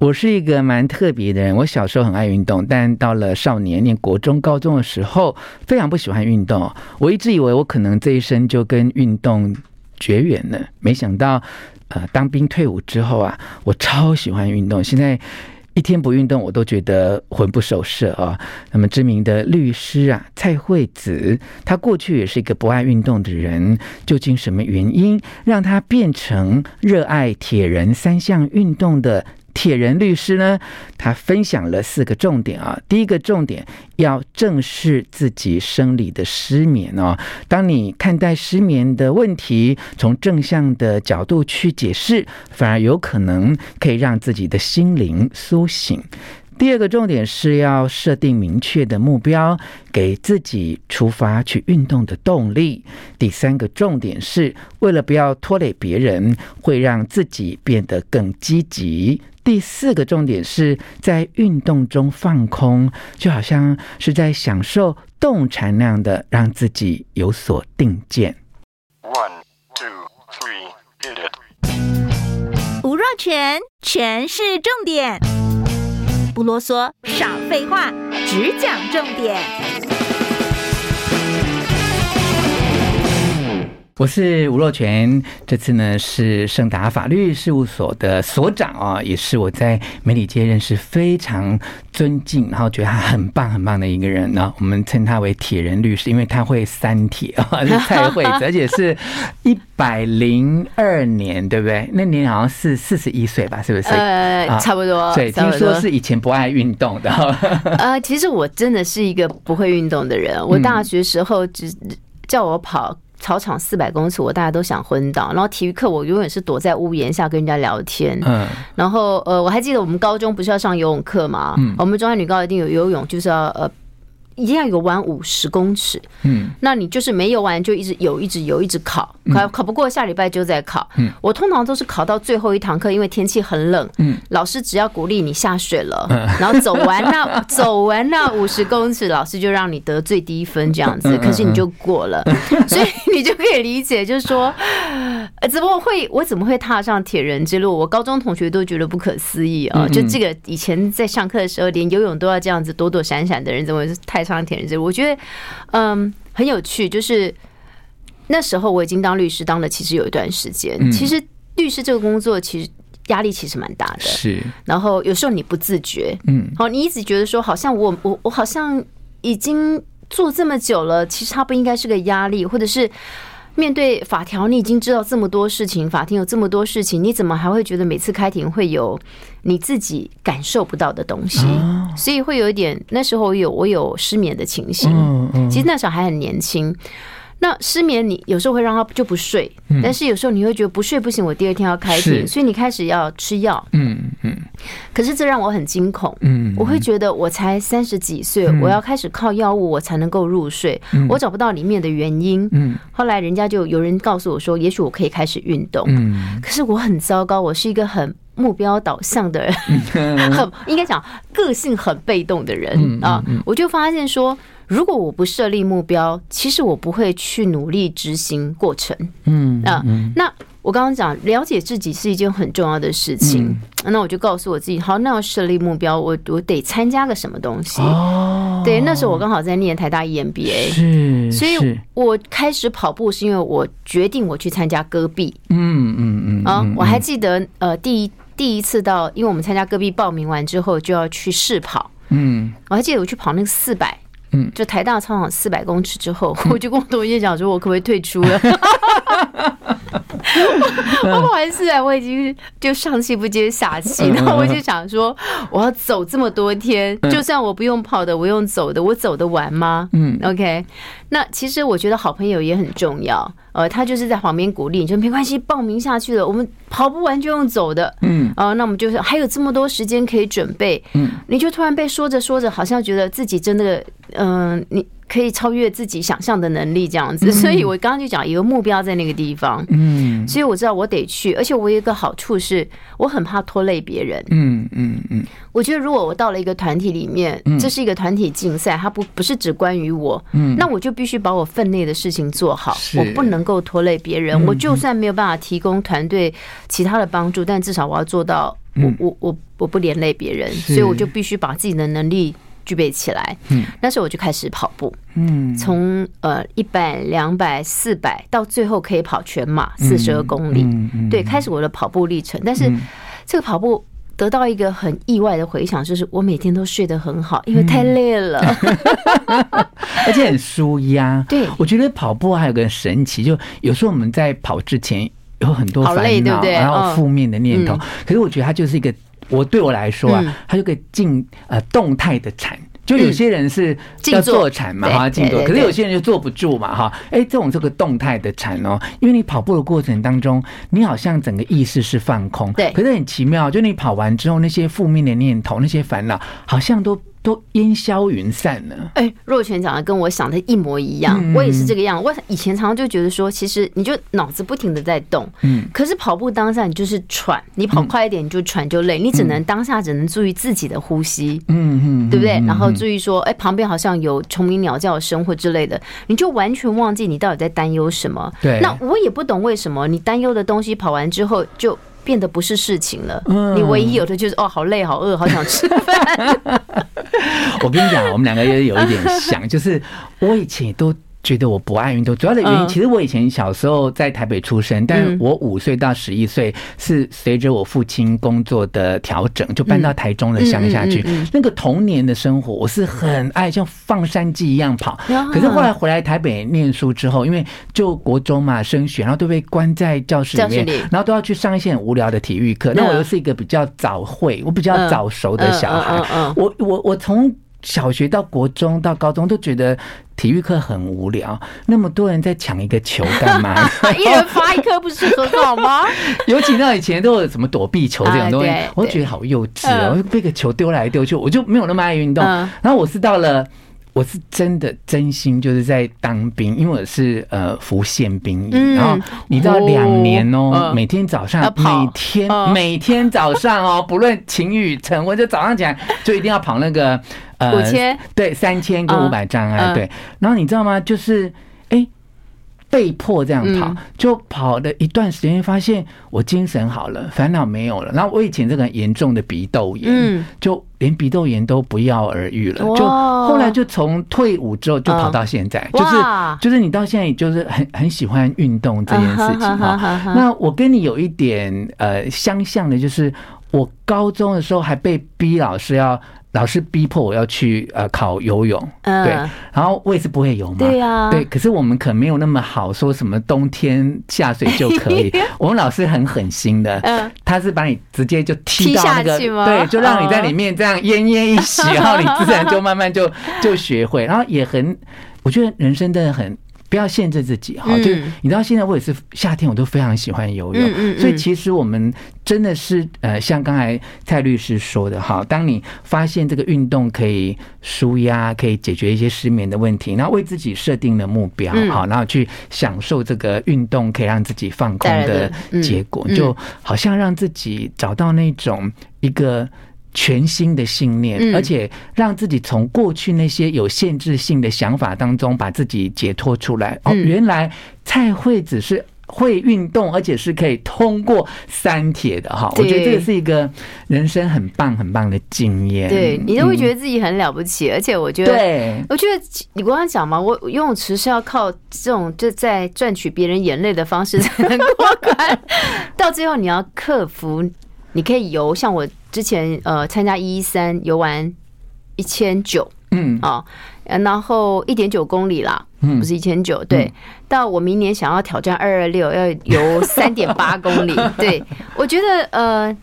我是一個蠻特別的人。我小時候很愛運動，但到了少年念國中、高中的時候，非常不喜歡運動。我一直以為我可能這一生就跟運動絕緣了。沒想到、呃，當兵退伍之後啊，我超喜歡運動。現在一天不運動，我都覺得魂不守舍啊、哦。那麼知名的律師啊，蔡惠子，她過去也是一個不愛運動的人。究竟什麼原因讓她變成熱愛鐵人三項運動的？鐵人律師呢，他分享了四個重點啊。第一個重點要正視自己生理的失眠哦。當你看待失眠的問題，從正向的角度去解釋，反而有可能可以讓自己的心靈甦醒。第二個重點是要設定明確的目標，給自己出發去運動的動力。第三個重點是為了不要拖累別人，會讓自己變得更積極。第四個重點是在運動中放空，就好像是在享受動禪那樣的，讓自己有所定見。One, two, three, get it！吳若權，權式重點，不囉嗦，少廢話，只講重點。我是吳若權，這次呢是盛達法律事務所的所長啊、哦，也是我在媒體界認識非常尊敬，然後覺得他很棒很棒的一個人呢。我們稱他為鐵人律師，因為他會三鐵啊、哦，太會， 而且是一百零二年，對不對？那年好像是四十一歲吧，是不是？呃，差不多。啊、對，聽說是以前不愛運動的。呃，其實我真的是一個不會運動的人，我大學時候只叫我跑。嗯操場四百公尺，我大家都想昏倒，然後體育課，我永遠是躲在屋檐下跟人家聊天。嗯，然後呃，我還記得我們高中不是要上游泳課嘛？嗯，我們中山女高一定有游泳，就是要呃。一定要游完五十公尺，嗯，那你就是沒游完就一直游，一直游，一直考，考、嗯、考不過，下禮拜就再考。嗯，我通常都是考到最後一堂課，因為天氣很冷，嗯，老師只要鼓勵你下水了、嗯，然後走完那 走完那五十公尺，老師就讓你得最低分這樣子，可是你就過了，嗯嗯嗯，所以你就可以理解，就是說。怎麼會？我怎麼會踏上鐵人之路？我高中同學都覺得不可思議啊！就這個以前在上課的時候，連游泳都要這樣子躲躲閃閃的人，怎麼會踏上鐵人之路？我覺得，嗯，很有趣。就是那時候我已經當律師當了，其實有一段時間。其實律師這個工作其實壓力其實蠻大的。是，然後有時候你不自覺，嗯，好，你一直覺得說，好像我我我好像已經做這麼久了，其實它不應該是個壓力，或者是。面對法條，你已經知道這麼多事情，法庭有這麼多事情，你怎麼還會覺得每次開庭會有你自己感受不到的東西？哦、所以會有一點，那時候我有我有失眠的情形。哦哦、其實那時候還很年輕。那失眠，你有時候會讓他就不睡、嗯，但是有時候你會覺得不睡不行，我第二天要開庭，是、所以你開始要吃藥。嗯可是這讓我很驚恐。嗯，我會覺得我才三十幾歲、嗯，我要開始靠藥物我才能夠入睡、嗯。我找不到裡面的原因。嗯，後來人家就有人告訴我說，也許我可以開始運動。嗯，可是我很糟糕，我是一個很目標導向的人，嗯、 很應該講個性很被動的人、嗯、啊、嗯嗯。我就發現說，如果我不設立目標，其實我不會去努力執行過程。嗯、啊、嗯，那。我剛剛講了解自己是一件很重要的事情，嗯、那我就告訴我自己，好，那要設立目標，我我得參加個什麼東西。哦，對，那時候我剛好在念台大 EMBA，是，是，所以我開始跑步是因為我決定我去參加戈壁。嗯嗯嗯，啊嗯嗯，我還記得呃，第一第一次到，因為我們參加戈壁報名完之後就要去試跑。嗯，我還記得我去跑那個四百，嗯，就台大操場四百公尺之後、嗯，我就跟我同學講說，我可不可以退出了？ 我 不完事啊！我已經就上氣不接下氣，然後我就想說，我要走這麼多天，就算我不用跑的，我用走的，我走得完嗎？嗯，OK。那其實我覺得好朋友也很重要，呃，他就是在旁邊鼓勵你說沒關係，報名下去了，我們跑不完就用走的，嗯，啊，那我們就是還有這麼多時間可以準備，嗯，你就突然被說着說着，好像覺得自己真的，嗯，你。可以超越自己想象的能力，這樣子。所以，我剛剛就講一個目標在那個地方。嗯。所以我知道我得去，而且我有一個好處是，我很怕拖累別人。嗯嗯嗯。我覺得如果我到了一個團體裡面，這是一個團體競賽，它不不是只關於我。嗯。那我就必須把我分內的事情做好，我不能夠拖累別人。我就算沒有辦法提供團隊其他的幫助，但至少我要做到，我我我我不連累別人，所以我就必須把自己的能力。具備起來，嗯，那時候我就開始跑步，嗯，從呃一百、兩百、四百，到最後可以跑全馬四十二公里、嗯嗯嗯，對，開始我的跑步歷程。但是、嗯、這個跑步得到一個很意外的回響，就是我每天都睡得很好，因為太累了，嗯、 而且很舒壓。對，我覺得跑步還有個神奇，就有時候我們在跑之前有很多煩惱、好累，對不對？哦、然後負面的念頭、嗯，可是我覺得它就是一個。我對我來說啊，他就可以靜呃動態的禪、嗯、就有些人是靜坐禪嘛哈，靜、嗯、坐，對對對對，可是有些人就坐不住嘛哈，哎、欸，這種這個動態的禪哦、喔，因為你跑步的過程當中，你好像整個意識是放空，對，可是很奇妙，就你跑完之後，那些負面的念頭、那些煩惱，好像都。都煙消雲散了。哎，若權講的跟我想的一模一樣、嗯，我也是這個樣。我以前常常就覺得說，其實你就腦子不停的在動。嗯。可是跑步當下，你就是喘，你跑快一點你就喘就累、嗯，你只能當下只能注意自己的呼吸。嗯，對不對、嗯嗯嗯？然後注意說，哎，旁邊好像有蟲鳴鳥叫聲或之類的，你就完全忘記你到底在擔憂什麼。對。那我也不懂為什麼你擔憂的東西跑完之後就變得不是事情了。嗯、你唯一有的就是哦，好累，好餓，好想吃飯。 我跟你講，我們兩個也有一點像，就是我以前都。覺得我不愛運動，主要的原因其實我以前小時候在台北出生，uh, 但我五歲到十一歲是隨着我父親工作的調整，嗯，就搬到台中的鄉下去，嗯嗯嗯嗯。那個童年的生活，我是很愛像放山雞一樣跑。Uh, 可是後來回來台北念書之後，因為就國中嘛升學，然後都被關在教室裡面，然後都要去上一些很無聊的體育課。Uh, 那我又是一個比較早慧我比較早熟的小孩，uh, uh, uh, uh, uh. 我我我從。小學到國中到高中都覺得體育課很無聊，那麼多人在搶一個球幹嘛？ 一人發一顆不是很好嗎？ 尤其到以前都有什麼躲避球這種東西，啊、我覺得好幼稚哦、喔嗯，我就被個球丟來丟去，我就沒有那麼愛運動、嗯。然後我是到了。我是真的真心就是在當兵，因為我是呃服現兵役，嗯，然後你知道兩年哦、喔，每天早上每天、嗯、每天早上哦、喔，不論晴雨晨我就早上起來就一定要跑那個呃五千對三千跟五百障礙、嗯、對，然後你知道嗎？就是。被迫這樣跑，就跑了一段時間，發現我精神好了，嗯、煩惱沒有了。然後我以前這個嚴重的鼻竇炎，就連鼻竇炎都不藥而癒了、嗯。就後來就從退伍之後就跑到現在，就是就是你到現在就是很很喜歡運動這件事情。哈，那我跟你有一點呃相像的就是。我高中的時候還被逼老師要，老師逼迫我要去呃考游泳，對、嗯，然後我也是不會游嘛，對啊對，可是我們可沒有那麼好，說什麼冬天下水就可以， 我們老師很狠心的、嗯，他是把你直接就踢到那個下去，對，就讓你在裡面這樣奄奄一息、哦，然後你自然就慢慢就 就學會，然後也很，我覺得人生真的很。不要限制自己哈，就你知道現在我也是夏天，我都非常喜歡游泳。嗯。所以其實我們真的是呃，像剛才蔡律師說的哈，當你發現這個運動可以舒壓，可以解決一些失眠的問題，那為自己設定了目標，好，然後去享受這個運動可以讓自己放空的結果，就好像讓自己找到那種一個。全新的信念，嗯、而且讓自己從過去那些有限制性的想法當中把自己解脫出來，嗯。哦，原來蔡惠子是會運動，而且是可以通過三鐵的哈。我覺得這個是一個人生很棒很棒的經驗。對，你都會覺得自己很了不起，嗯、而且我覺得，對，我覺得你剛剛講嘛，我游泳池是要靠這種就在賺取別人眼淚的方式才能過關， 到最後你要克服。你可以游，像我之前呃參加一一三游完一千九，嗯啊、哦，然後一點九公里啦，嗯、不是一千九，對，嗯、到我明年想要挑戰二二六，要游三點八公里， 對，我覺得呃。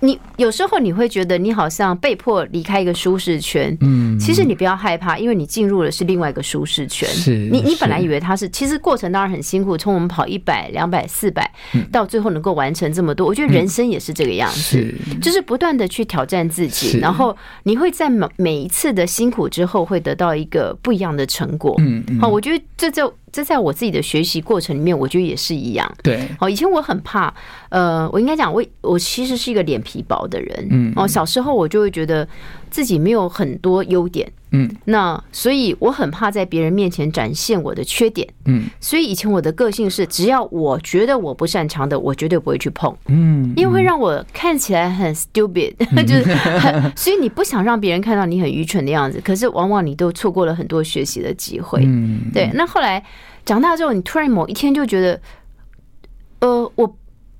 你有時候你會覺得你好像被迫離開一個舒適圈，嗯，其實你不要害怕，因為你進入的是另外一個舒適圈。是，你你本來以為它是，其實過程當然很辛苦，從我們跑一百、兩百、四百，到最後能夠完成這麼多，我覺得人生也是這個樣子，就是不斷的去挑戰自己，然後你會在每每一次的辛苦之後會得到一個不一樣的成果。嗯，好，我覺得這就。這在我自己的學習過程裡面，我覺得也是一樣。對，以前我很怕，呃，我應該講我，我我其實是一個臉皮薄的人。嗯，嗯，哦，小時候我就會覺得自己沒有很多優點。嗯，那所以我很怕在別人面前展現我的缺點。嗯，所以以前我的個性是，只要我覺得我不擅長的，我絕對不會去碰。嗯，因為會讓我看起來很 stupid，、嗯、就是很。 所以你不想讓別人看到你很愚蠢的樣子，可是往往你都錯過了很多學習的機會。嗯，對。那後來長大之後，你突然某一天就覺得，呃，我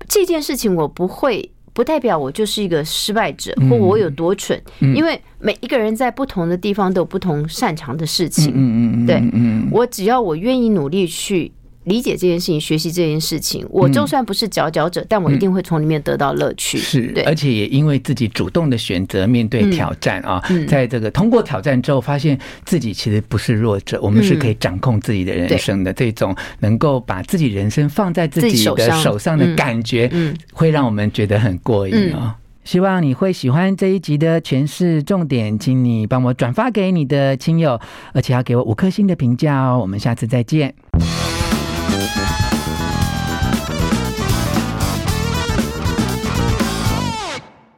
這件事情我不會。不代表我就是一個失敗者，或我有多蠢，嗯，因為每一個人在不同的地方都有不同擅長的事情。嗯嗯嗯，對，我只要我願意努力去。理解這件事情，學習這件事情，我就算不是佼佼者，嗯、但我一定會從裡面得到樂趣。是對，而且也因為自己主動的選擇，面對挑戰啊、嗯哦，在這個通過挑戰之後，發現自己其實不是弱者、嗯，我們是可以掌控自己的人生的。這種能夠把自己人生放在自己的手上的感覺，會讓我們覺得很過癮啊、哦嗯嗯嗯！希望你會喜歡這一集的權式重點，請你幫我轉發給你的親友，而且要給我五顆星的評價哦！我們下次再見。